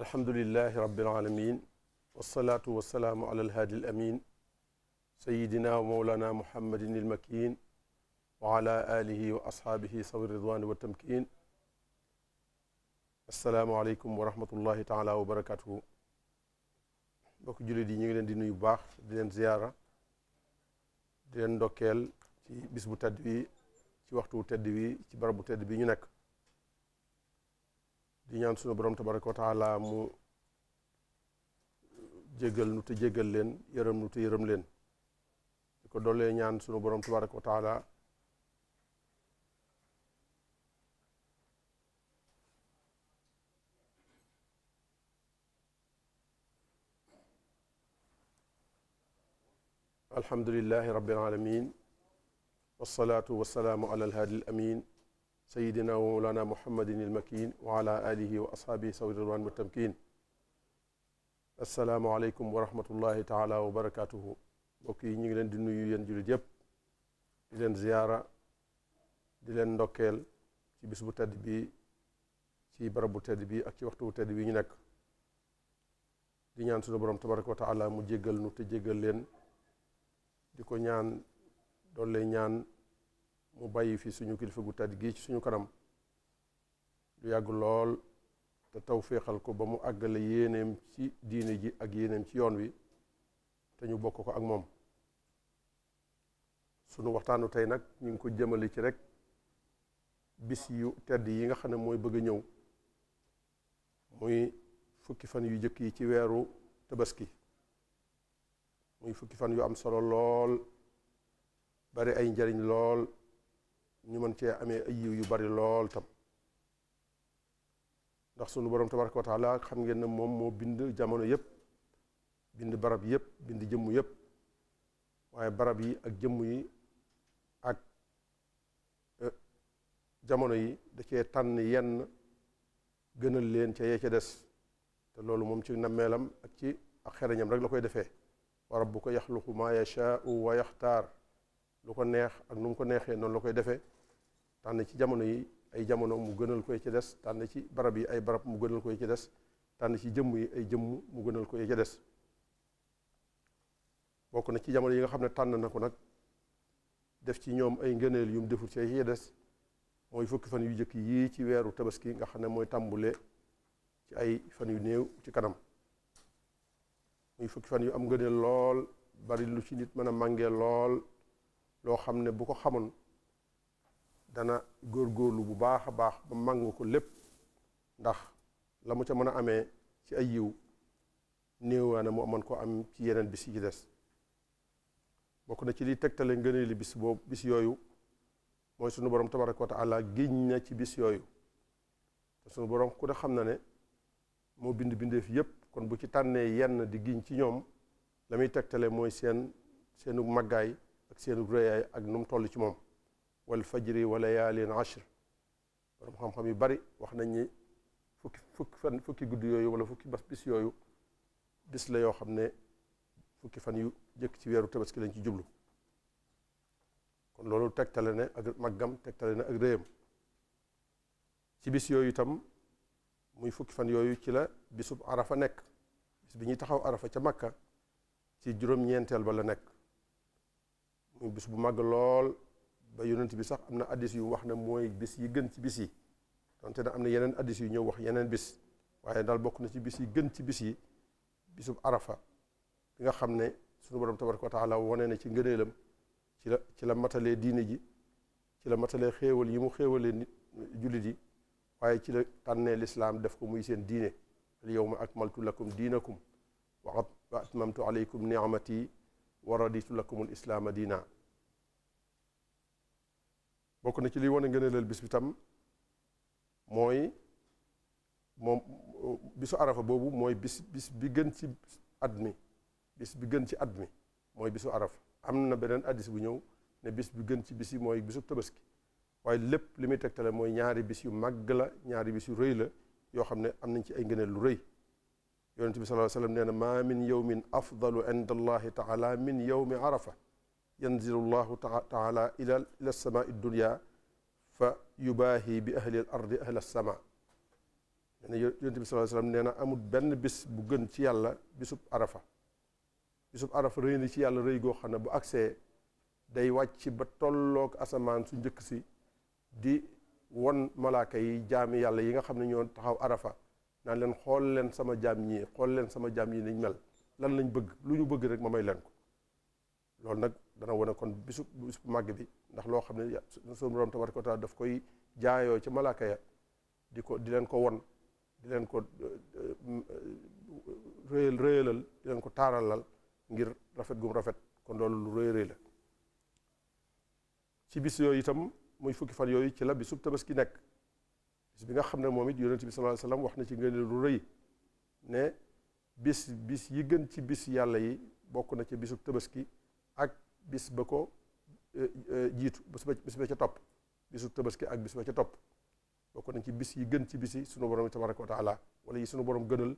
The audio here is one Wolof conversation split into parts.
alhamdulilahi rabbil alamin wasalaatu wasalaamu ala alhaadi al amin sayidina wa mawlana muhammadin ilmakin wa ala alihi wa ashaabihi sawi ridwani wa tamkin asalaamu aleykum wa rahmatullahi taala wa barakatuhu mbokk jullit yi ñu ngi leen di nuyu bu baax di leen ziyaara di leen ndokkeel ci bis bu tedd bi ci waxtu tedd bi ci barab bu tedd bi ñu nekk di ñaan sunu borom tabaraka wa mu jéggal nu te leen yërëm nu te leen di ko doolee ñaan sunu borom tabaraka wa taala alhamdulilahi rabbil alamin wasalaatu wasalaamu ala alhaadi al sayidina wa mawlana muhammadin ilmakin wa ala alihi wa ashaabihi sawi ridwan mu tamkin assalaamu aleykum wa rahmatullahi taala wa barakatuhu mbokk yi ñu ngi leen di nuyu yéen jullit yépp di leen ziyaara di leen ndokkeel ci bis bu tedd bi ci barab bu tedd bi ak ci waxtu bu tedd bi ñu nekk di ñaan sunu borom tabaraka wa taala mu jéggal nu te jéggal di ko ñaan doole ñaan mu bàyyi fi suñu kilifa gu tàdd gi ci suñu kanam lu yàgg lool te tawféexal ko ba mu àggale yéeneem ci diine ji ak yéeneem ci yoon wi te ñu bokk ko ak moom sunu waxtaanu tey nag ñu ngi ko jëmale ci rek bis yu tedd yi nga xam ne mooy bëgg ñëw muy fukki fan yu jëkk yi ci weeru tabaski muy fukki fan yu am solo lool bari ay njariñ lool ñu mën cee amee ay yiw yu bari lool tam ndax sunu borom tabaraka wa taala xam ngeen ne moom moo bind jamono yépp bind barab yépp bind jëmm yépp waaye barab yi ak jëmm yi ak e, jamono yi da cee tànn yenn gënal leen ca yee ca des te loolu moom ci nammeelam ak ci ak xereñam rek la koy defee bu wa rabbuka yaxluqu maa yashaau wa yaxtaar lu ko neex ak nu ko neexee noonu la koy defee tànn ci jamono yi ay jamono mu gënal ko yi ci des tànn ci barab yi ay barab mu gënal ko ci des tànn ci jëmm yi ay jëmm mu gënal ko yi ci des bokk na ci jamono yi nga xam ne tànn na ko nag def ci ñoom ay ngëneel yum mu deful ci yi des mooy fukki fan yu jëkk yii ci weeru tabaski nga xam ne mooy tàmbule ci ay fan yu néew ci kanam muy fukki fan yu am ngëneel lool bari lu ci nit mën a màngee lool loo xam ne bu ko xamoon dana góor góorlu bu baax a baax ba màng ko lépp ndax la mu ca mën a amee ci ay yiw néewaane mu amoon ko am ci yeneen bis yi des bokk na ci liy tegtale ngëneeli bis boobu bis yooyu mooy sunu borom tabaraka wa taala giñ na ci bis yooyu te sunu borom ku ne xam na ne moo bind bindeef yépp kon bu ci tànnee yenn di giñ ci ñoom la muy tegtale mooy seen seenu màggaay ak seenu réyaay ak nu mu toll ci moom walfajri wa layaalin ashr borom xam-xam yu bari wax nañ ni fukki fukki fan fukki guddi yooyu wala fukki bas bis yooyu bis la yoo xam ne fukki fan yu jëkk ci weeru tabaski lañ ci jublu kon loolu tegtale ne ak màggam tegtale ne ak réyam ci bis yooyu itam muy fukki fan yooyu ci la bisub arafa nekk bis bi ñuy taxaw arafa ca makka ci juróom-ñeenteel ba la nekk muy bis bu màgg lool ba yonent bi sax am na addis yu wax na mooy bis yi gën ci bis yi donte na am na yeneen addis yu ñëw wax yeneen bis waaye daal bokk na ci bis yi gën ci bis yi bisub arafa bi nga xam ne sunu borom tabaraka wa taala wane na ci ngëneelam ci la ci la matalee diine ji ci la matalee xéewal yi mu xéewalee nit jullit yi waaye ci la tànnee lislaam def ko muy seen diine al yowma akmaltu lakum diinakum wa atmamtu aleykum niamati wa raditu lakum al islaama diina bokk na ci liy wane ngëneelal bis bi tam mooy moom bisu arafa boobu mooy bis bis bi gën ci at mi bis bi gën ci at mi mooy bisu arafa am na beneen addis bu ñëw ne bis bi gën ci bis yi mooy bisu tabaski waaye lépp li muy teg tegtale mooy ñaari bis yu màgg la ñaari bis yu rëy la yoo xam ne am nañ ci ay ngëneel lu rëy yonent bi sallallahu alayhi wa sallam nee na maa min yawmin afdalu inda allahi taala min yawmi arafa yanzilu llahu taala ila ila sama dunia fa yubaahi bi ahli al ardi ahli alsama nee na yonent bi sallallahu alayhi wasallam nee na amul benn bis bu gën ci yàlla bisub arafa bisub arafa rëy na ci yàlla rëy goo xam ne bu agsee day wàcc ba tolloog asamaan su njëkk si di won malaaka yi jaami yàlla yi nga xam ne ñoo taxaw arafa naan leen xool leen sama jaam ñii xool leen sama jaam yi niñ mel lan lañ bëgg lu ñu bëgg rek ma may leen ko loolu nag dana wane kon bisu bisu màgg bi ndax loo xam ne suñu borom tabaaraka wa taala daf koy jaayoo ci malaaka ya di ko di leen ko won di leen ko eh, eh, réyal réyalal di leen ko taaralal ngir rafet gum rafet kon loolu lu rëy rëy la ci bis yooyu itam muy fukki fan yooyu ci la bisu tabaski nekk bis bi nga xam ne moom it yonent bi sallallahu alayhi wax na ci ngeen lu rëy ne bis bis yi gën ci bis yàlla yi bokk na ci bisu tabaski ak bis ba ko eh, eh, jiitu bis ba ca topp bisu tabaski ak bis ba ca topp bokk nañ ci bis yi gën ci bis yi sunu borom yi tabaraka wa taala wala yi sunu borom gënal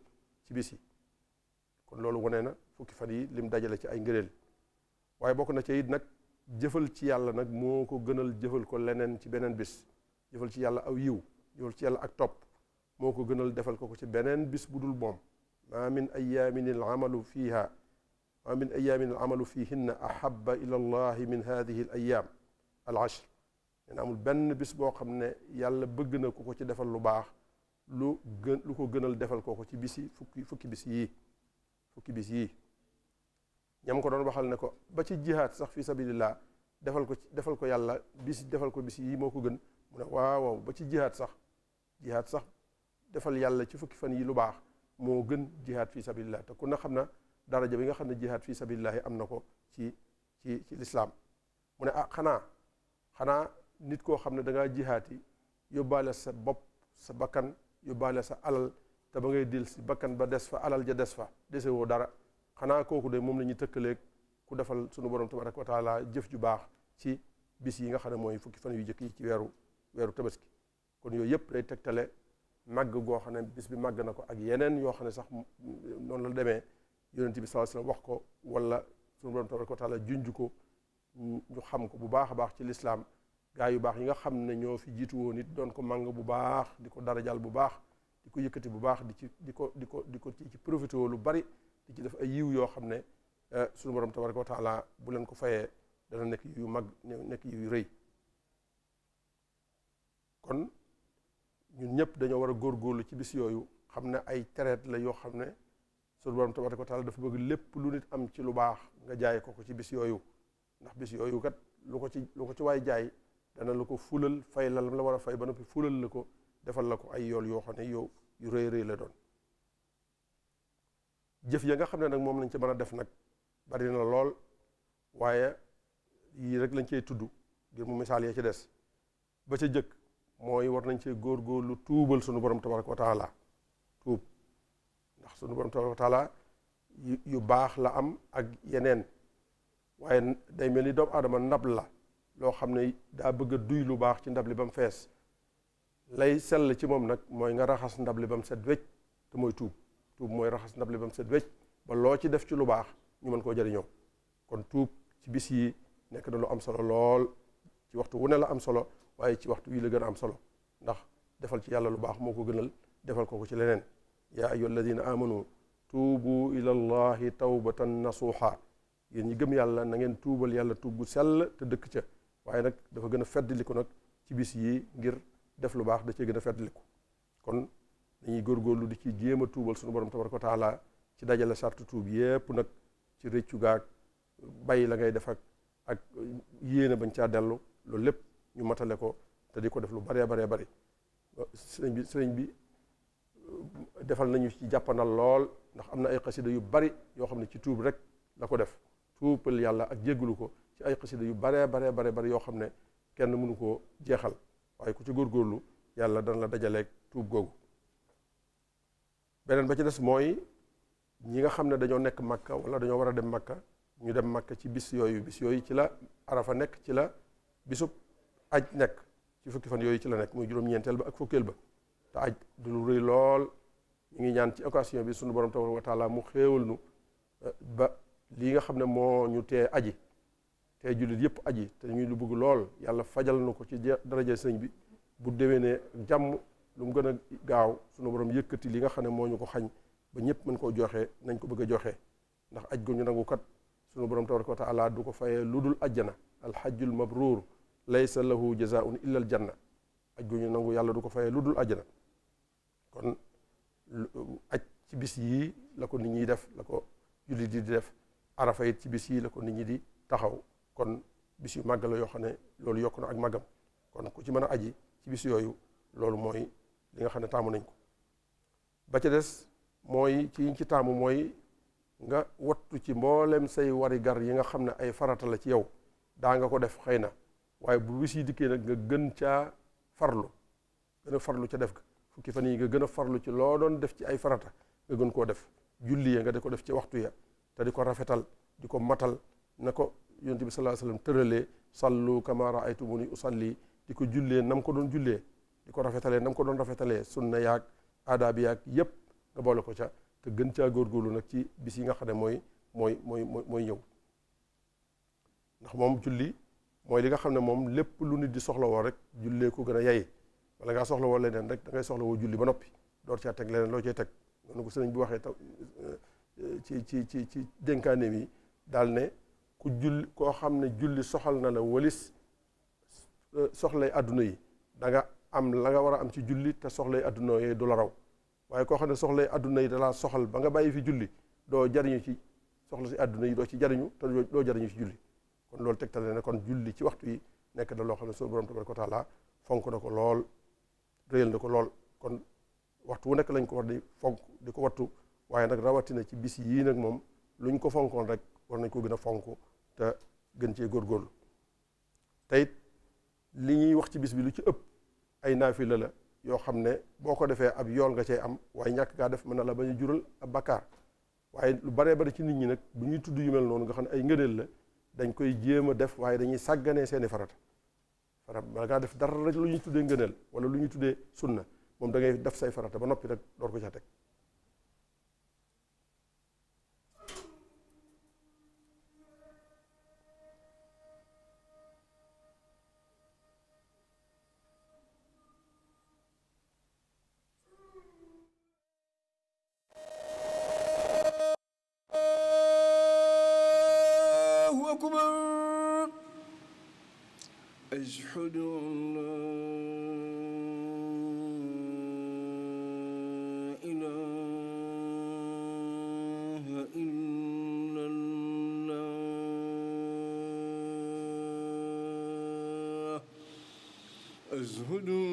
ci bis yi kon loolu wane na fukki fan yi lim dajale ci ay ngëneel waaye bokk na ca it nag jëfal ci yàlla nag moo ko gënal jëfal ko leneen ci beneen bis jëfal ci yàlla aw yiw jëfal ci yàlla ak topp moo ko gënal defal ko ko ci beneen bis bu dul moom maa min ayaamin al amalu fiiha wa min ayaamin al amalu fihinna a ila allahi min hadihi al ayaam al ashr nee na amul benn bis boo xam ne yàlla bëgg na ku ko ci defal lu baax lu gën lu ko gënal defal kooko ci bisi fukki fukki bis yii fukki bis yii ñam ko doon waxal ne ko ba ci jihaad sax fi sabilillah defal ko defal ko yàlla bis defal ko bis yii moo ko gën mu ne waaw ba ci jihaad sax jihaad sax defal yàlla ci fukki fan yi lu baax moo gën jihaad fi sabilillah te ku na xam na daraja bi nga xam ne jihaad fi sabilillahi am na ko ci ci lislaam mu ne ah xanaa xanaa nit koo xam ne dangaa jihaati yóbbaale sa bopp sa bakkan yóbbaale sa alal te ba ngay dil si bakkan ba des fa alal ja des fa dese woo dara xanaa kooku de moom la ñu tëkkaleeg ku defal sunu borom tabaraka wa taala jëf ju baax ci bis yi nga xam ne mooy fukki fan yu jëkk yi ci weeru weeru tabaski kon yooyu yëpp day tegtale màgg goo xam ne bis bi màgg na ko ak yeneen yoo xam ne sax noonu la demee yonent bi sallallahu alayhi wax ko wala sunu borom tabaraka wa taala ko ñu xam ko bu baax a baax ci lislaam gaa yu baax yi nga xam ne ñoo fi jiitu woon it doon ko màng bu baax di ko darajal bu baax di ko yëkkati bu baax di ci di ko di ko di ko ci profité lu bari di ci def ay yiw yoo xam ne eh, sunu borom tabaraka wa taala bu leen ko fayee dana nekk yu mag nekk yu rëy kon ñun ñëpp dañoo war a góor góorlu ci bis yooyu xam ne ay tereet la yoo xam ne sunu borom tabaraka wa taala dafa bëgg lépp lu nit am ci lu baax nga jaay ko ko ci bis yooyu ndax bis yooyu kat lu ko ci lu ko ci waay jaay dana la ko fulal fay la la war a fay ba noppi fulal la ko defal la ko ay yool yoo xam ne yow yu rëy rëy la doon jëf ya nga xam ne nag moom lañ ci mën a def nag bari na lool waaye yii rek lañ cey tudd ngir mu misaal ya ci des ba ca jëkk mooy war nañ cee góor góor lu tuubal sunu borom tabaraka wa taala ndax sunu borom tabaraka wa taala yu baax la am ak yeneen waaye day mel ni doomu aadama ndab la loo xam ne daa bëgg a duy lu baax ci ndab li ba mu fees lay sell ci moom nag mooy nga raxas ndab li bam mu set wecc te mooy tuub tuub mooy raxas ndab li bam mu set wecc ba loo ci def ci lu baax ñu mën koo jariñoo kon tuub ci bis yi nekk na lu am solo lool ci waxtu wu ne la am solo waaye ci waxtu wii la gën a am solo ndax defal ci yàlla lu baax moo ko gënal defal ko ko ci leneen yaa ayyuha alladina amanu tuubu ila allahi tawbatan nasuha yéen ñi gëm yàlla na ngeen tuubal yàlla tuub gu sell te dëkk ca waaye nag dafa gën a feddliku nag ci bis yi ngir def lu baax da cee gën a feddliku kon dañuy góor góor lu di ci jéem a tuubal suñu borom tabaraka wa ci dajale sartu tuub yépp nag ci rëccu gaag bàyyi la ngay def ak ak yéene bañ caa dellu loolu lépp ñu matale ko te di ko def lu baree baree bari sëriñ bi sëriñ bi defal nañu ci jàppanal lool ndax am na ay xasida yu bari yoo xam ne ci tuub rek la ko def tuubal yàlla ak jéggulu ko ci ay xasida yu baree baree bare bari yoo xam ne kenn mënu koo jeexal waaye ku ci góor góorlu yàlla dana la dajaleek tuub googu beneen ba ci des mooy ñi nga xam ne dañoo nekk makka wala dañoo war a dem makka ñu dem makka ci bis yooyu bis yooyu ci la arafa nekk ci la bisub aj nekk ci fukki fan yooyu ci la nekk muy juróom-ñeenteel ba ak fukkeel ba te aj du lu rëy lool ñu ngi ñaan ci occasion bi sunu borom tabaraka wa mu xéewal nu eh, ba lii nga xam ne moo ñu tee aji te jullit yëpp aji te ñu lu bëgg lool yàlla fajal na ko ci daraja sëñ bi bu ne jàmm lu mu gën a gaaw sunu borom yëkkati li nga xam ne moo ñu ko xañ ba ñëpp mën koo joxe nañ ko bëgg a joxe ndax aj gu ñu nangu kat sunu borom tabaraka wa taala du ko fayee lu dul ajjana alxajjul mabruur laysa lahu jazaun illa aljanna aj gu ñu nangu yàlla du ko fayee lu dul ajjana kon aj ci bis yii la ko nit ñi def la ko jullit di def arafa it ci bis yii la ko nit ñi di taxaw kon bis yu màgg la yoo xam ne loolu yokk na ak màggam kon ku ci mën a aji ci bis yooyu loolu mooy li nga xam ne taamu nañ ko ba ca des mooy ci yiñ ci taamu mooy nga wattu ci mboolem say wari gar yi nga xam ne ay farata la ci yow daa nga ko def xëy na waaye bu bis yi dikkee nag nga gën caa farlu gën a farlu ca def ga fukki fan yi nga gën a farlu ci loo doon def ci ay farata nga gën koo def julli ya nga di ko def ci waxtu ya te di ko rafetal di ko matal na ko yonent bi sallallahu alayhi wa sallam kama raaytumuni usalli di ko jullee nam ko doon jullee di ko rafetalee nam ko doon rafetalee sunna yaag aadaab yaag yépp nga boole ko ca te gën caa góorgóorlu nag ci bis yi nga xam ne mooy mooy mooy mooy ñëw ndax moom julli mooy li nga xam ne moom lépp lu nit di soxla woo rek jullee ko gën a yay wala ngaa soxla woo leneen rek da ngay soxla woo julli ba noppi door caa teg leneen loo cay teg noonu ko sëriñ bi waxee taw ci ci ci ci dénkaaneem yi daal ne ku julli koo xam ne julli soxal na la walis soxlay adduna yi da am la nga war a am ci julli te soxlay adduna yooyu du la raw waaye koo xam ne soxlay adduna yi dalaa soxal ba nga bàyyi fi julli doo jariñu ci soxla si adduna yi doo ci jariñu te doo jariñu ci julli kon loolu tegtal ne kon julli ci waxtu yi nekk na loo xam ne sunu borom tabaraka wa taala fonk na ko lool réyal na ko lool kon waxtu wu nekk lañ ko war di fonk di ko wattu waaye nag rawatina ci bis yii nag moom luñ ko fonkoon rek war nañ ko gën a fonk te gën cee góor góorlu tey li ñuy wax ci bis bi lu ci ëpp ay naafila la yoo xam ne boo ko defee ab yool nga cay am waaye ñàkk gaa def mën na la bañ jural ab bakkaar waaye lu baree bari ci nit ñi nag bu ñuy tudd yu mel noonu nga xam ne ay ngëneel la dañ koy jéem a def waaye dañuy sàgganee seeni farata farata bala ngaa def dara rek lu ñuy tuddee ngëneel wala lu ñuy tuddee sunna moom da ngay def say farata ba noppi rek door ko ca teg اشهدوا أن لا إله إلا الله أشهدوا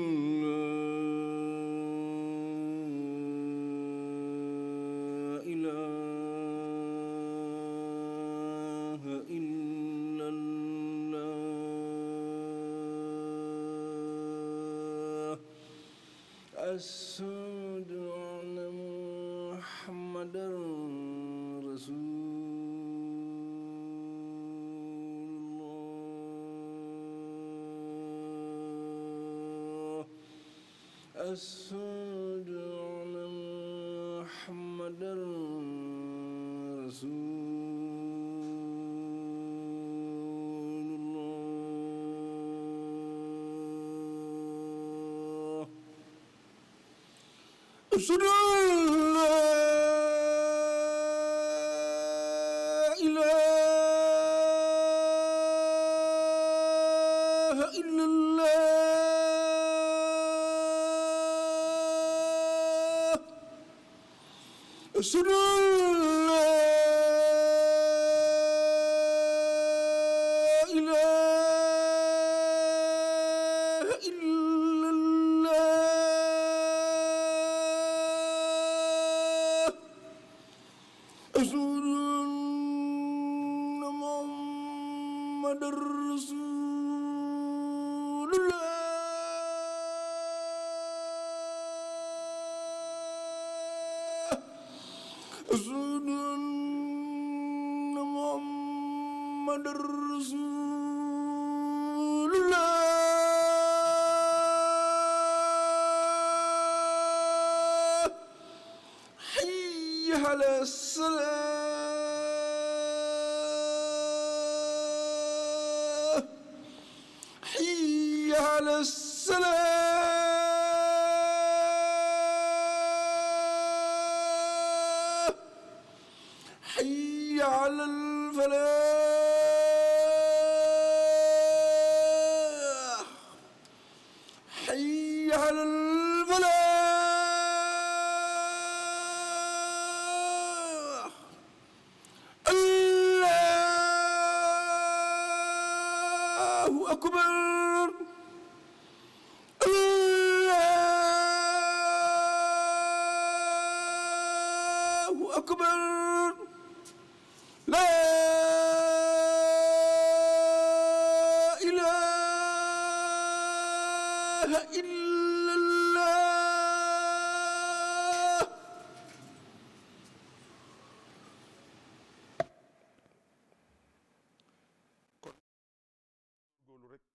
أشهد أن محمدا رسول الله أشهد sudul السلام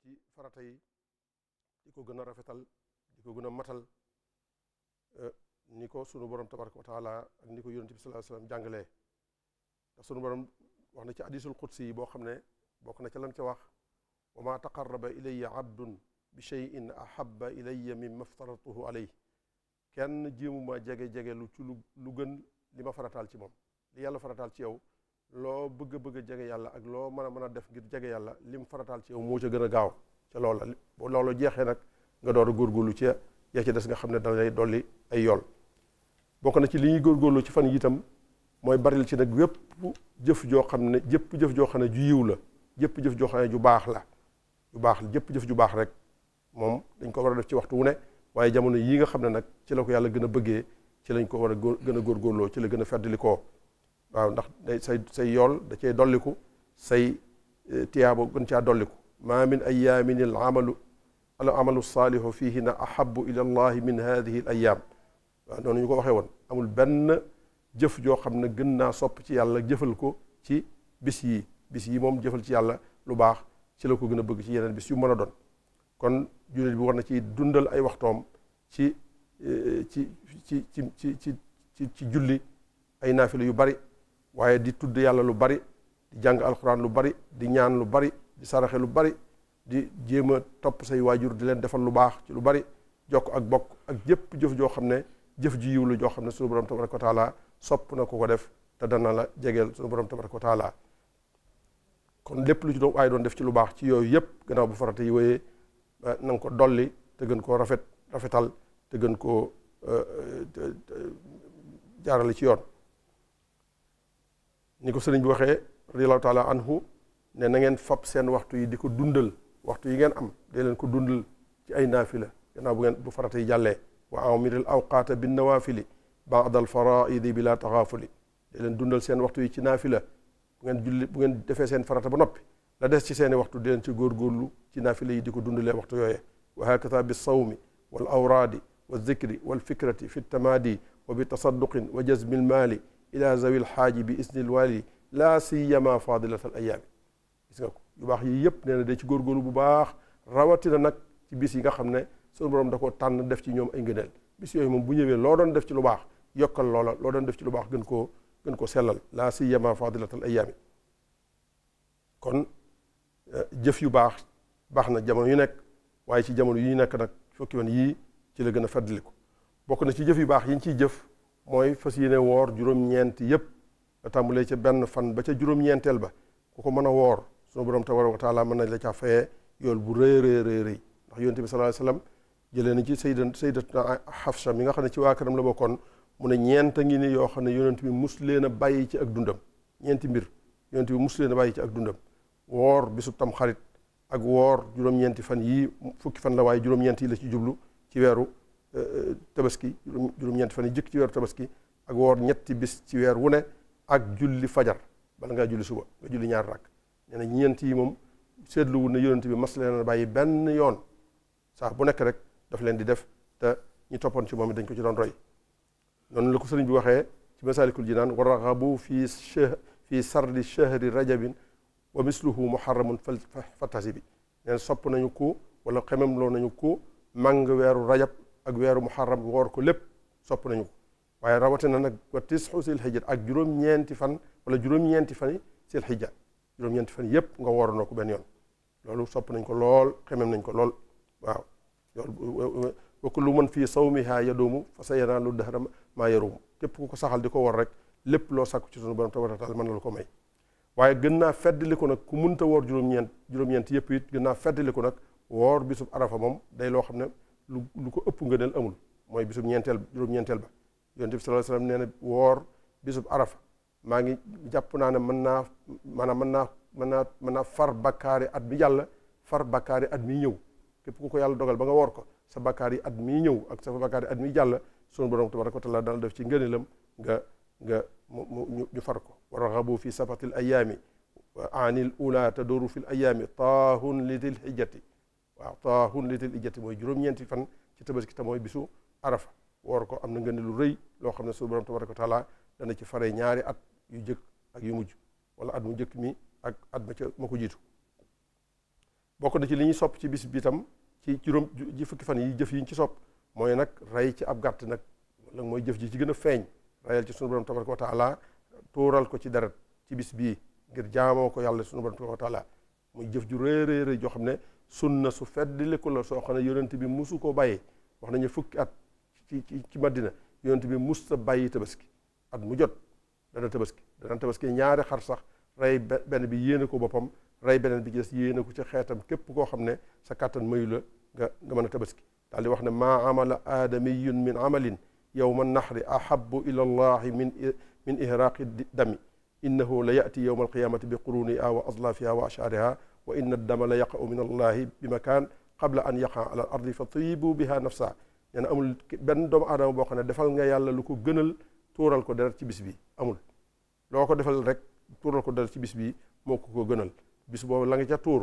ci farata yi di ko gën a rafetal di ko gën a matal eh, ni ko sunu borom tabaraka wa ak ni ko yonent bi sallallahu alayhi sunu borom wax na ci hadisul qudsi boo xam ne bokk na ca lam ca wax wa ma taqarraba ilayya abdun bi shay'in ahabba ilayya mimma aftaratuhu alayhi kenn jéemuma jege-jege lu ci lu gën li ma faratal ci moom li yàlla farataal ci yow loo bëgg a bëgg a jege yàlla ak loo mën a mën a def ngir jege yàlla lim farataal ci yow moo ca gën a gaaw ca loola loolu jeexee nag nga door a góorgóorlu ci ya ci des nga xam ne dana lay dolli ay yool bokk na ci li ñuy góorgóorlu ci fan yi itam mooy baril ci nag wépp jëf joo xam ne jëpp jëf joo xam ne ju yiw la jëpp jëf joo xam ne ju baax la ju baax jëpp jëf ju baax rek moom dañ ko war a def ci waxtu wu ne waaye jamono yii nga xam ne nag ci la ko yàlla gën a bëggee ci lañ ko war a góor gën a góorgóorloo ci la gën a fàttali koo waaw ndax day say say yool da cee dolliku say eh, tiyaabo gën caa dolliku maa min ayaamin al amalu al amalu saalihu fihina ahabu ila allahi min hadihi al ayaam waaw noonu ñu ko waxee woon amul benn jëf joo xam ne gën naa sopp ci yàlla jëfal ko ci bis yi bis yi moom jëfal ci yàlla lu baax ci la ko gën a bëgg ci yeneen bis yu mën a doon kon jullit bi war na ci dundal ay waxtoom ci eh, ci ci ci ci ci ci julli ay naafila yu bari waaye di tudd yàlla lu bari di jàng alxuraan lu bari di ñaan lu bari di saraxe lu bari di jéem a topp say waajur di leen defal lu baax ci lu bari jokk ak bokk ak jëpp jëf joo xam ne jëf ji yiw joo xam ne sunu borom tabaraka wa sopp na ko ko def te dana la jegeel sunu borom tabaraka wa taala kon lépp lu ci doon waaye doon def ci lu baax ci yooyu yëpp gannaaw bu farata yi wéyee na ko dolli te gën koo rafet rafetal te gën koo euh, euh, jaarale ci yoon ni ko sëriñ bi waxee radiallahu taala anhu ne na ngeen fab seen waxtu yi di ko dundal waxtu yi ngeen am dee leen ko dundal ci ay naafila gannaaw bu ngeen bu farata yi jàllee wa amiril awqaata bin nawaafili baada al faraidi bi laa taxaafuli dee leen dundal seen waxtu yi ci naafila bu ngeen julli bu ngeen defee seen farata ba noppi la des ci seeni waxtu di leen ci góorgóorlu ci naafila yi di ko dundalee waxtu yooyee wa hakata bi sawmi wa awraadi wa zikri wal fikrati fi tamaadi wa bi tasadduqin wa jazmil maali ila zawil xaaji bi isnil wali laa siyama fadilatal ayaami gis nga ko yu baax yii yëpp nee na da ci góorgóorlu bu baax rawatina nag ci bis yi nga xam ne sunu borom da ko tànn def ci ñoom ay ngëneel bis yooyu moom bu ñëwee loo doon def ci lu baax yokkal loola loo doon def ci lu baax gën koo gën koo sellal laa siyama fadilatal ayaami kon eh, jëf yu baax baax na jamono yu nekk waaye ci jamono yu nekk nag fukki yii ci la gën a ko bokk na ci jëf yu baax yi ñu ciy jëf mooy fas yéene woor juróom-ñeent yépp nga tàmbalee ca benn fan ba ca juróom-ñeenteel ba ku ko mën a woor sunu borom tabaraka wa taala mën nañ la caa fayee yool bu rëy rëy rëy rëy ndax yonent bi sallallahu alayhi wasallam jëlee na ci sayyidat sayyidatna Hafsa mi nga xam ne ci waa këram la bokkoon mu ne ñeent a ngi ni yoo xam ne yonent bi mus leen a bàyyi ci ak dundam ñeenti mbir yonent bi mus leen a bàyyi ci ak dundam woor bisub tam xarit ak woor juróom-ñeenti fan yii fukki fan la waaye juróom la ci jublu ci weeru euh, tabaski juróom-ñeenti fan yi jëkk ci weeru tabaski ak woor ñetti bis ci weer wu ne ak julli fajar bala ngaa julli suba nga julli ñaar rakk nee na ñeent yi moom seetluwul ne yonent bi mas leen bàyyi benn yoon saa bu nekk rek daf leen di def te ñi toppoon ci moom it dañ ko ci doon roy noonu la ko sëriñ bi waxee ci masaalikul jinaan wa raxabu fi fi sardi chahri rajabin wa misluhu fa fatasi bi neen sopp nañu ko wala xemem loo nañu ko màng weeru rajab ak weeru muharram woor ko lépp sopp nañu ko waaye rawatina nag wa tisxu sil xijja ak juróom-ñeenti fan wala juróom-ñeenti fan sil xijja juróom-ñeenti fan yépp nga woorandoo ko benn yoon loolu sopp nañ ko lool xemem nañ ko lool waaw loolu wa kullu man fii sawmiha yaduumu fa sa yanaalu dahra maa yaruumu képp ku ko saxal di ko war rek lépp loo sàkku ci sunu borom tabaaraka taala mën na lu ko may waaye gën naa feddali ko nag ku munta woor juróom-ñeent juróom-ñeent yépp it gën naa feddali ko nag woor bisub arafa moom day loo xam ne lu lu ko ëpp nga neel amul mooy bisub ñeenteel juróom-ñeenteel ba yonent bi sallallahu alayhi wasallam nee na woor bisub arafa maa ngi jàpp naa ne mën naa maanaam mën naa mën naa mën naa far bakkaari at bi jàll far bakkaari at mi ñëw képp ku ko yàlla dogal ba nga woor ko sa bakkaar yi at mii ñëw ak sa bakkaar at mi jàll sunu borom tabaraka wa taala daal def ci ngëneelam nga nga ñu far ko wa raxabu fi sabatil ayaami anil ula tadooru fi l ayaami taahun li dil hijjati waaw taahun li til ijjati mooy juróom-ñeenti fan ci tabaski te mooy bisu arafa woor ko am na ngeen lu rëy loo xam ne suñu borom tabaraka wa taala dana ci fare ñaari at yu jëkk ak yu mujj wala at mu njëkk mi ak at ma ca ma ko jiitu bokk na ci li ñuy sopp ci bis bi tam ci juróom ji fukki fan yi jëf yi ñu ci sopp mooy nag rey ci ab gàtt nag lan mooy jëf ji ci gën a feeñ rayal ci sunu borom tabaraka wa taala ko ci deret ci bis bii ngir jaamoo ko yàlla sunu borom tabaraka jëf ju rëy joo xam ne sunna su feddliku la soo xam ne yonent bi musu ko bàyyi wax nañu fukki at ci ci Madina yonent bi mus sa bayi tabaski at mu jot dana tabaski dana tabaski ñaari xar sax rey benn bi yéene ko boppam rey beneen bi des yéene ko ci xeetam képp koo xam ne sa kattan mayu la nga nga mën a tabaski daal di wax ne maa amala aadamiyun min amalin yowma nahri ahabu ila allahi min min ihraqi dami innahu la yati yowma alqiyamati bi quruniha wa azlafiha wa ashariha wa inna dama la yaqa'u min allahi bi makaan qabla an yaqa ala ardi fa tiibu biha nafsa nee na amul benn doomu aadama boo xam ne defal nga yàlla lu ko gënal tuural ko deret ci bis bi amul loo ko defal rek tuural ko deret ci bis bi moo ko ko gënal bis boobu la nga ca tuur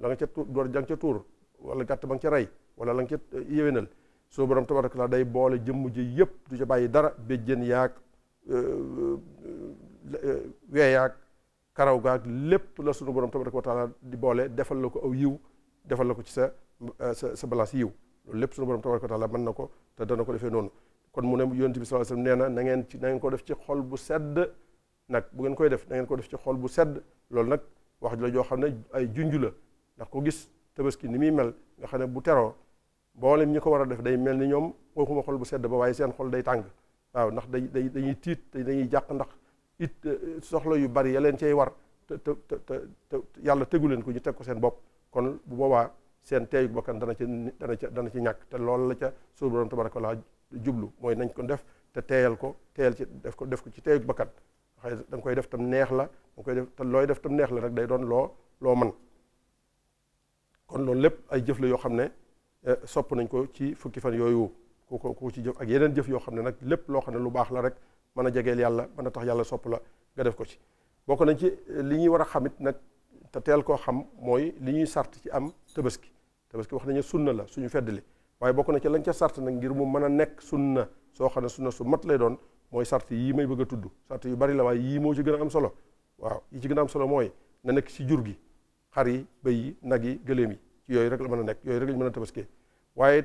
la nga ca tuur door jang ca tuur wala gàtt ba nga ca rey wala langa nga ca e, yéwénal soo borom tabaraka la day boole jëmm ji yëpp du ca bàyyi dara béjjën yaag e, e, weeyaag karaw gaag lépp la sunu borom tabaraka wa taala di boole defal la ko aw yiw defal la ko ci sa euh, sa sa balance yiw loolu lépp sunu borom tabaraka wa taala mën na ko te dana ko defee noonu kon mu ne yonent bi sallallahu alayhi wasallam nee na na ngeen ci na ko def ci xol bu sedd nag bu ngeen koy def na ko def ci xol bu sedd loolu nag wax la joo xam ne ay junj la ndax ko gis tabaski ni muy mel nga xam ne bu teroo mboolem ñi ko war a def day mel ni ñoom waxuma xol bu sedd ba waaye seen xol day tàng waaw ndax day day dañuy tiit dañuy jàq ndax Eh, eh, soxla yu bari ya leen cay war te te te yàlla tegu leen ko ñu teg ko seen bopp kon bu boobaa seen teeyu bakkan dana ci dana ca dana ci ñàkk te loolu la ca suñu borom la jublu mooy nañ ko def te teeyal ko teeyal ci def ko def ko ci teeyu bakkan xëy koy def tam neex la danga koy def te looy def tam neex la rek day doon loo loo mën kon loolu lépp ay jëf la yoo xam ne eh, sopp nañ ko ci fukki fan yooyu ku ko ku ci jëf ak yeneen jëf yoo xam ne nag lépp loo xam ne lu baax la rek mën a jegeel yàlla man a tax yàlla sopp la nga def ko ci bokk nañ ci eh, li ñuy war a xamit nag te teel koo xam mooy li ñuy sart ci am tabaski tabaski wax nañu sunna la suñu feddali waaye bokk na ci lañ ca sart nag ngir mu mën a nekk sunna soo xam ne sunna su mat lay doon mooy sart yii may bëgg a tudd sart yu bari la waaye yii moo ci gën a am solo waaw yi ci gën a am solo mooy na nekk ci jur gi xar yi bëy yi nag yi gëléem yi yooyu rek la mën a nekk yooyu rek lañ mën a tabaskee waaye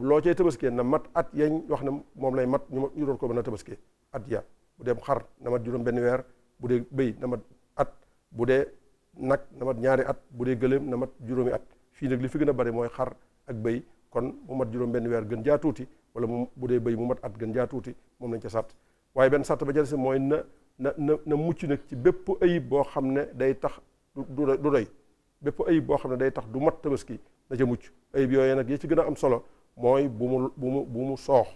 loo cay tabaskee na mat at yañ wax ne moom lay mat ñu doon ko mën a tabaskee at ya bu dee xar na mat juróom benn weer bu dee bëy na mat at bu dee nag na mat ñaari at bu dee gëléem na mat juróomi at fii nag li fi gën a bari mooy xar ak bëy kon mu mat juróom benn weer gën jaa tuuti wala mu bu dee bëy mu mat at gën jaa tuuti moom lañ ca sàtt waaye benn sàtt ba jël si mooy na na na mucc nag ci bépp ayib boo xam ne day tax du du doy bépp ayib boo xam ne day tax du mat tabaski na ca mucc ayib yooyu nag yi ci gën a am solo mooy bu mu bu mu bu mu soox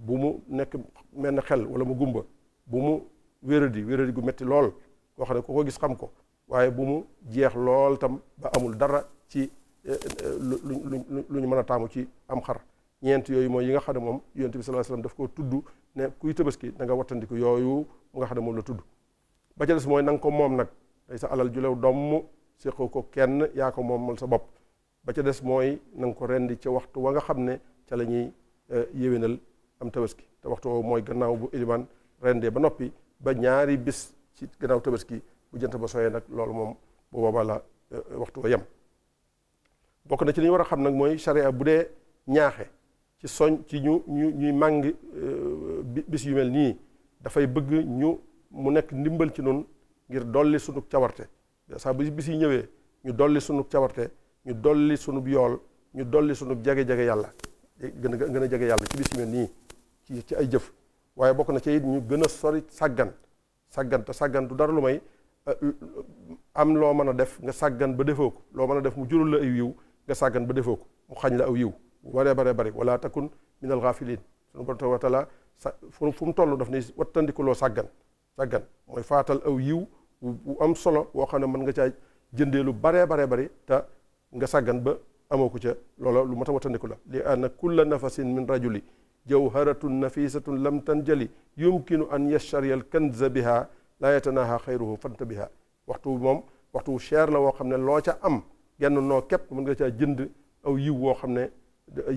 bu mu nekk menn xel wala mu gumba bu mu wéradi wéradi gu metti lool koo xam ne ku ko gis xam ko waaye bu mu jeex lool tam ba amul dara ci eh, eh, lu ñu mën a taamu ci am xar ñeent yooyu mooy yi nga xam ne moom yonent bi sallallahu daf koo tudd ne kuy tabaski da nga wattandiku yooyu mu nga xam ne moom la tudd ba ca des mooy na ko moom nag day sa alal julew domm séqoo ko kenn yaa ko moom sa bopp ba ca des mooy na nga ko rendi ca waxtu wa nga xam ne ca la ñuy eh, yéwénal am tabaski te waxtu woowu mooy gannaaw bu ilimaan rendee ba noppi ba ñaari bis ci gannaaw tabaski bu jant ba sooyee nag loolu moom bu booba la euh, waxtu wa yem bokk na ci li ñu war a xam nag mooy charia bu dee ñaaxe ci soñ ci ñu ñu ñuy màng euh, bis yu mel nii dafay bëgg ñu mu nekk ndimbal ci noonu ngir dolli sunub cawarte saa bi bis yi ñëwee ñu dolli sunug cawarte ñu dolli sunub yool ñu dolli sunub jege jege yàlla gën a gën a jege yàlla ci bis yu nii ci ay jëf waaye bokk na ci it ñu gën a sori sàggan sàggan te sàggan du dara lu may euh, euh, am loo mën a def nga sàggan ba defoo ko loo mën a def mu jural la aw yiw nga sàggan ba defoo ko mu xañ la aw yiw waree bare bari wala takun min al ghafilin sunu borom tabaraka wa taala sa fu mu toll daf ni wattandiku loo sàggan sàggan mooy faatal aw yiw am solo woo xam ne mën nga caa jëndee lu baree baree bari te nga sàggan ba amoo ko ca loola lu mat a wattandiku la li anna kulla nafasin min rajuli jawharatun nafisatun lam tanjali yumkinu an yashtaria al kanza biha laa yatanaha xayruhu fanta biha waxtu moom waxtu cher la woo xam ne loo ca am genn noo képp mën nga caa jënd aw yiw woo xam ne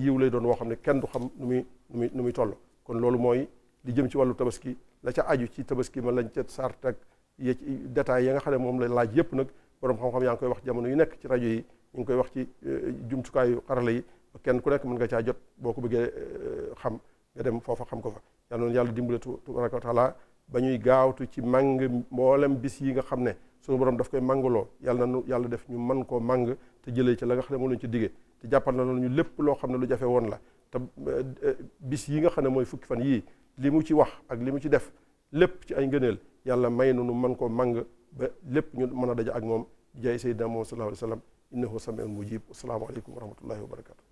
yiw lay doon woo xam ne kenn du xam nu muy nu muy nu muy toll kon loolu mooy li jëm ci wàllu tabaski la ca aju ci tabaski ma lañ ca sart ak ye détails ya nga xam ne moom la laaj yépp nag borom xam-xam yaa ngi koy wax jamono yu nekk ci rajo yi ñu ngi koy wax ci eh, jumtukaayu xarala yi kenn ku nekk mën nga caa jot boo ko bëggee eh, xam nga dem foofa xam ko fa yal noonu yàlla dimbale tu wa taala ba ñuy gaawtu ci màng mboolem bis yi nga xam ne suñu borom daf koy màngaloo yàlla na yàlla def ñu mën koo màng te jëlee ci la nga xam ne moo leen ci diggee te jàppal na ñu lépp loo xam ne lu jafe woon la te eh, eh, bis yi nga xam ne mooy fukki fan yii li mu ci wax ak li mu ci def lépp ci ay ngëneel yàlla may na ñu mën koo màng ba lépp ñu mën a daje ak moom jaay sayyidina moom sallallahu alayhi wa sallam innahu samiun mujib assalaamu aleykum wa rahmatullahi wa barakatu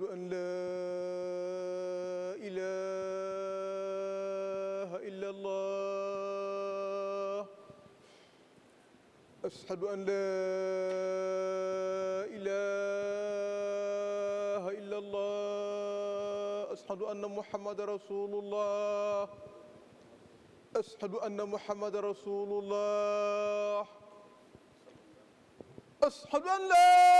ashhadu an laa ilaaha illallaah ashhadu an laa ilaaha illallaah ashhadu anna muhammadan rasuulullaah ashhadu anna muhammadan rasuulullaah ashhadu an laa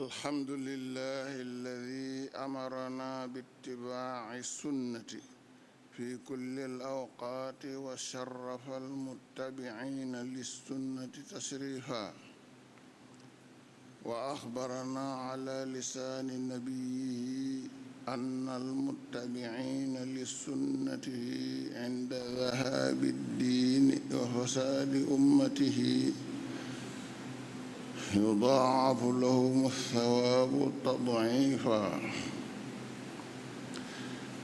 الحمد لله الذي أمرنا باتباع السنة في كل الأوقات وشرف المتبعين للسنة تشريفا وأخبرنا على لسان نبيه أن المتبعين للسنة عند ذهاب الدين وفساد أمته يضاعف لهم الثواب تضعيفا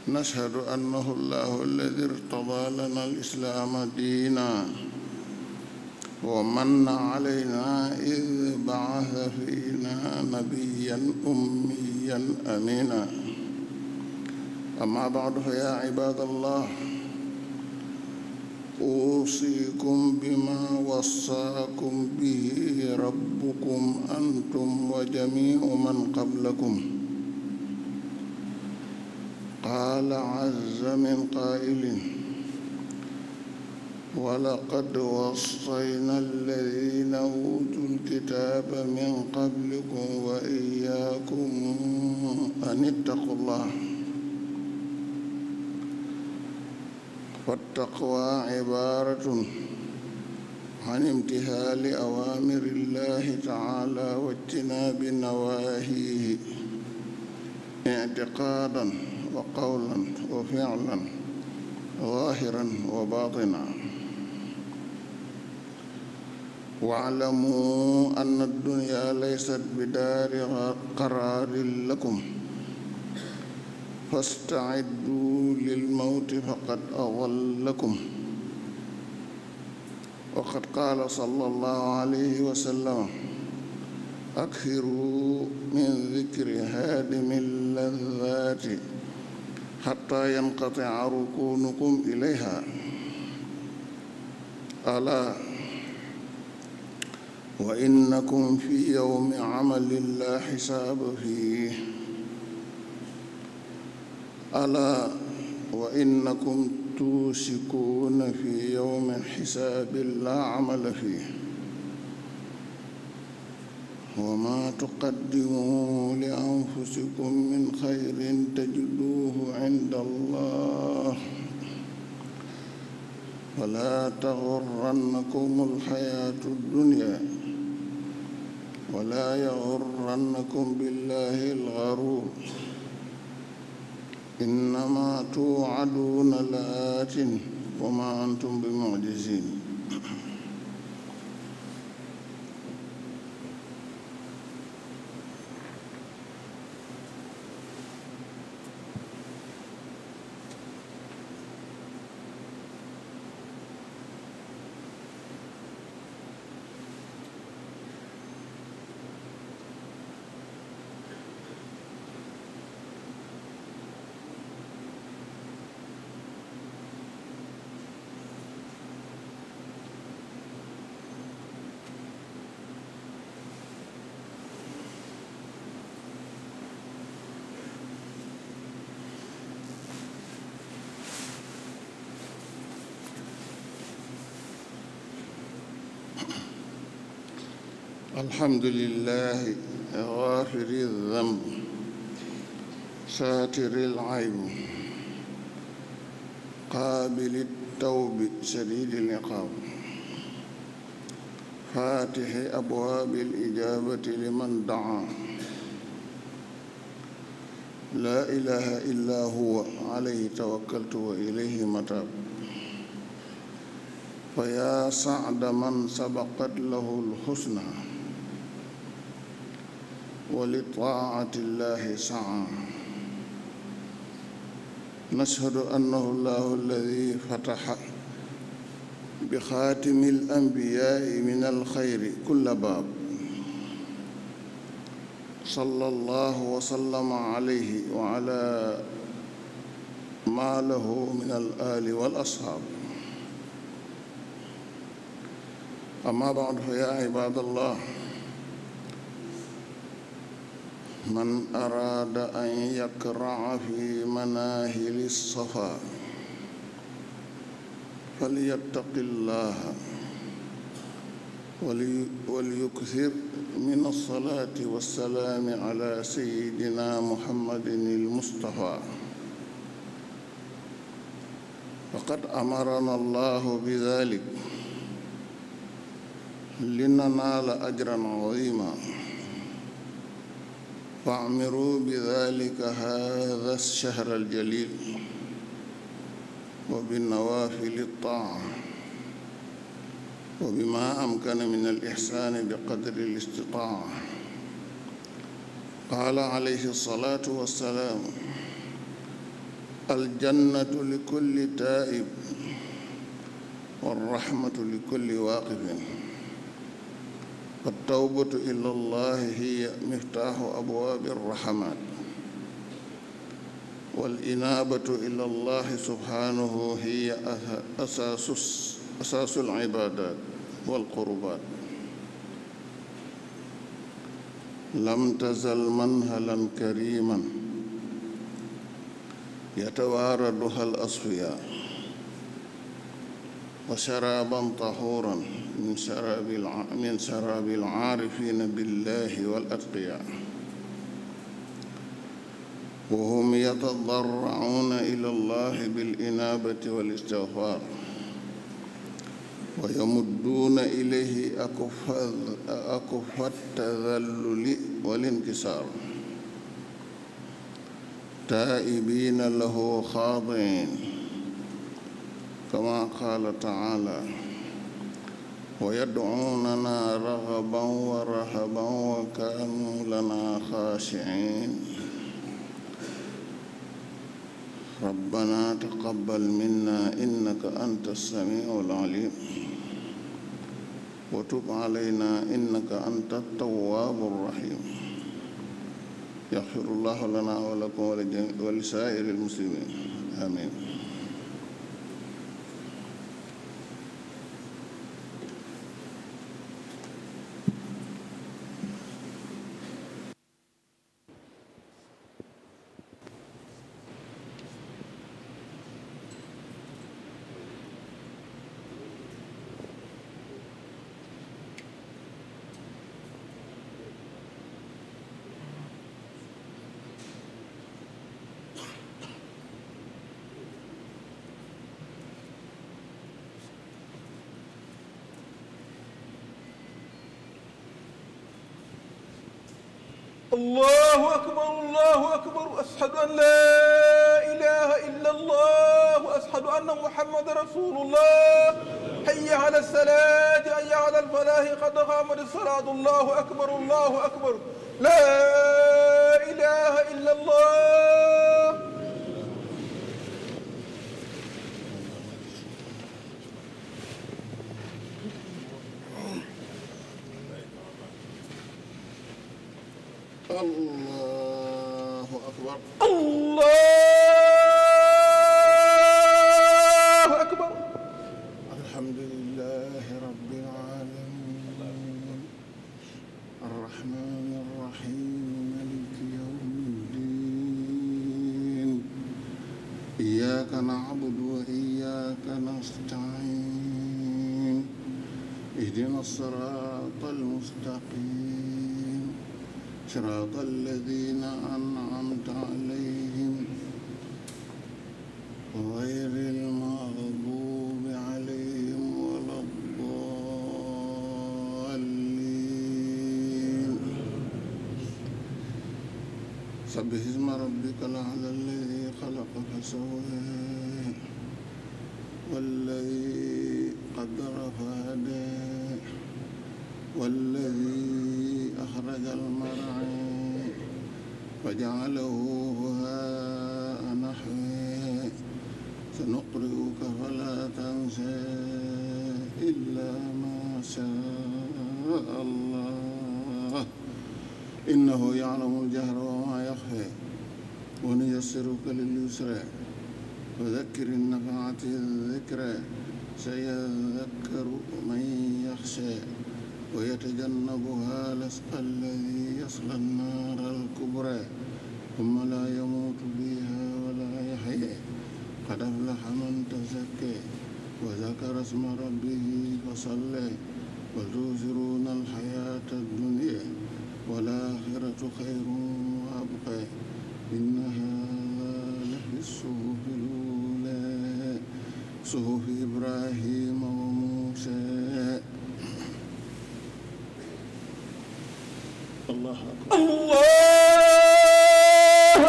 نشهد أنه الله الذي ارتضى لنا الإسلام دينا ومن علينا إذ بعث فينا نبيا أميا أمينا أما بعد فيا عباد الله أوصيكم بما وصاكم به ربكم أنتم وجميع من قبلكم قال عز من قائل ولقد وصينا الذين أوتوا الكتاب من قبلكم وإياكم أن اتقوا الله فالتقوى عبارة عن امتثال أوامر الله تعالى واجتناب نواهيه اعتقادا وقولا وفعلا ظاهرا وباطنا واعلموا أن الدنيا ليست بدار قرار لكم fasta'iddu lil mawti faqad adhallakum wa qad qaala sallallahu alayhi wa sallam akthiru min dhikri haadimi ladhaati xataa yanqatia rukunukum ilayha alaa wa innakum fi yawmi amalin laa xisaaba fiih ألا وإنكم توشكون في يوم حساب لا عمل فيه وما تقدموا لأنفسكم من خير تجدوه عند الله ولا تغرنكم الحياة الدنيا ولا يغرنكم بالله الغرور إنما توعدون لآت وما أنتم بمعجزين الحمد لله غافر الذنب ساتر العيب قابل التوب سديد العقاب فاتح أبواب الإجابة لمن دعا لا إله إلا هو عليه توكلت وإليه متاب فيا سعد من سبقت له الحسنى ولطاعة الله سعى نشهد أنه الله الذي فتح بخاتم الأنبياء من الخير كل باب صلى الله وسلم عليه وعلى ما له من الآل والأصحاب أما بعد فيا عباد الله من أراد أن يقرع في مناهل الصفا فليتق الله وليكثر من الصلاة والسلام على سيدنا محمد المصطفى فقد أمرنا الله بذلك لننال أجرا عظيما واعمروا بذلك هذا الشهر الجليل وبالنوافل الطاعة وبما أمكن من الإحسان بقدر الاستطاعة قال عليه الصلاة والسلام الجنة لكل تائب والرحمة لكل واقف فالتوبة إلى الله هي مفتاح أبواب الرحمات والإنابة إلى الله سبحانه هي أساس أساس العبادات والقربات لم تزل منهلا كريما يتوارى الأصفياء وشرابا طهورا من شراب من شراب العارفين بالله والأتقياء وهم يتضرعون إلى الله بالإنابة والاستغفار ويمدون إليه أكف التذلل والانكسار تائبين له خاضعين كما قال تعالى ويدعوننا رغبا ورهبا وكانوا لنا خاشعين ربنا تقبل منا إنك أنت السميع العليم وتب علينا إنك أنت التواب الرحيم يغفر الله لنا ولكم ولسائر المسلمين آمين allahu akbar allahu akbar ashadu an la ilaha illa allah ashadu anna muhammadan rasulullah hayya ala salaati hayya ala alfalahi qad qaamat salaatu allahu akbar allahu akbar la ilaha illa allah غير المغضوب عليهم ولا الضالين سبح اسم ربك الأعلى الذي خلق فسوى والذي قدر فهدى والذي أخرج المرعى فجعله هاد سنقرئك فلا تنسى إلا ما شاء الله إنه يعلم الجهر وما يخفى ونيسرك لليسرى فذكر النفعة الذكرى سيذكر من يخشى ويتجنبها الذي يصلى النار الكبرى ثم لا يموت فمن تزكى وذكر اسم ربه فصلى وتؤثرون الحياة الدنيا والآخرة خير وأبقى إن هذا لفي الصحف الأولى صحف إبراهيم وموسى الله أكبر الله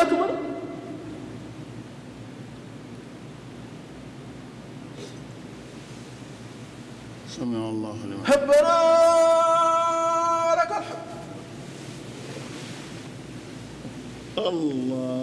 أكبر ربنا لك الحمد الله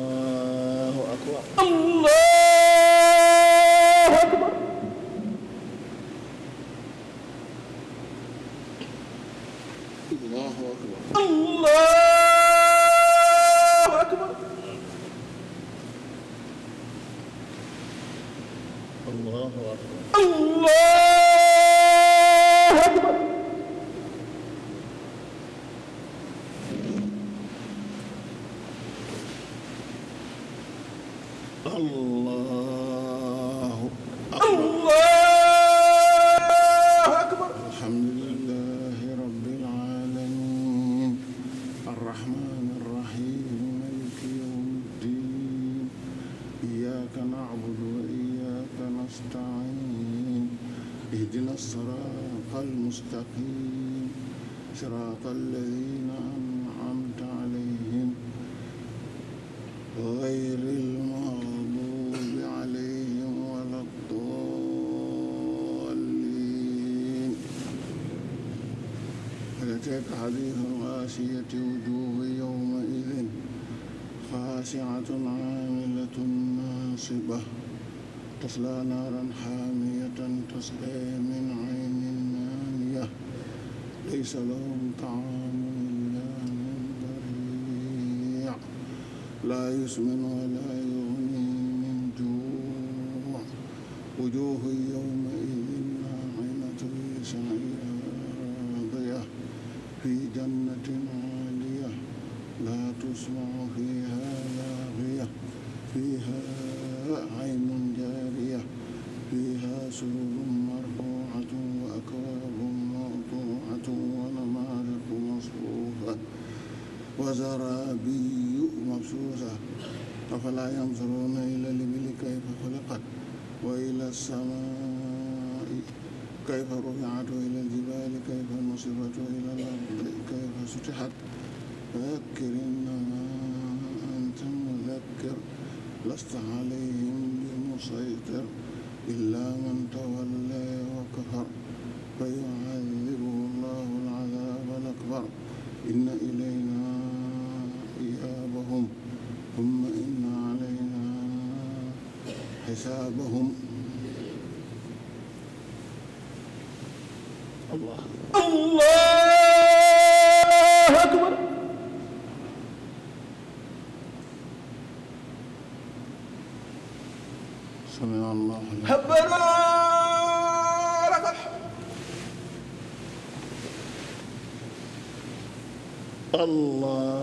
حديث الغاشية وجوه يومئذ خاشعة عاملة ناصبة تصلى نارا حامية تسقي من عين آنية ليس لهم طعام إلا من ضريع لا يسمن ولا يغني من جوع وجوه يومئذ ناعمة يسعى في جنة عالية لا تسمع فيها لاغية فيها عين جارية فيها سرور مرفوعة وأكواب موضوعة ونمارق مصفوفة وزرابي مبسوسة أفلا ينظرون إلى الإبل كيف خلقت وإلى السماء كيف رفعت إلى الجبال كيف نصبت إلى الأرض كيف فتحت فذكر إنما أنت مذكر لست عليهم بمسيطر إلا من تولى وكفر فيعذبه الله العذاب الأكبر إن إلينا إيابهم ثم إن علينا حسابهم allah allahu akbar sami allah habbana allah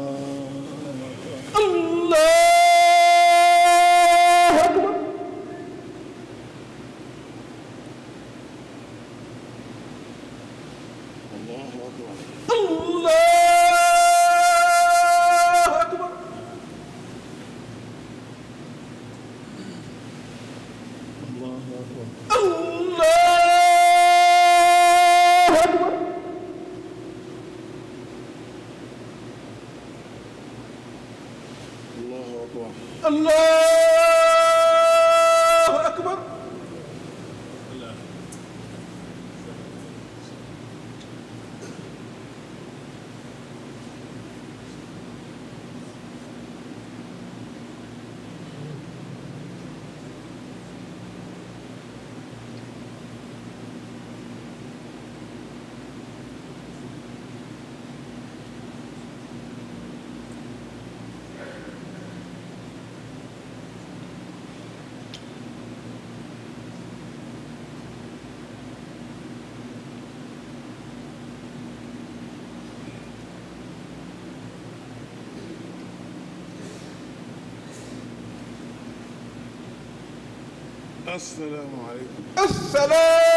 asalaamaaleykum. asalaamaaleykum.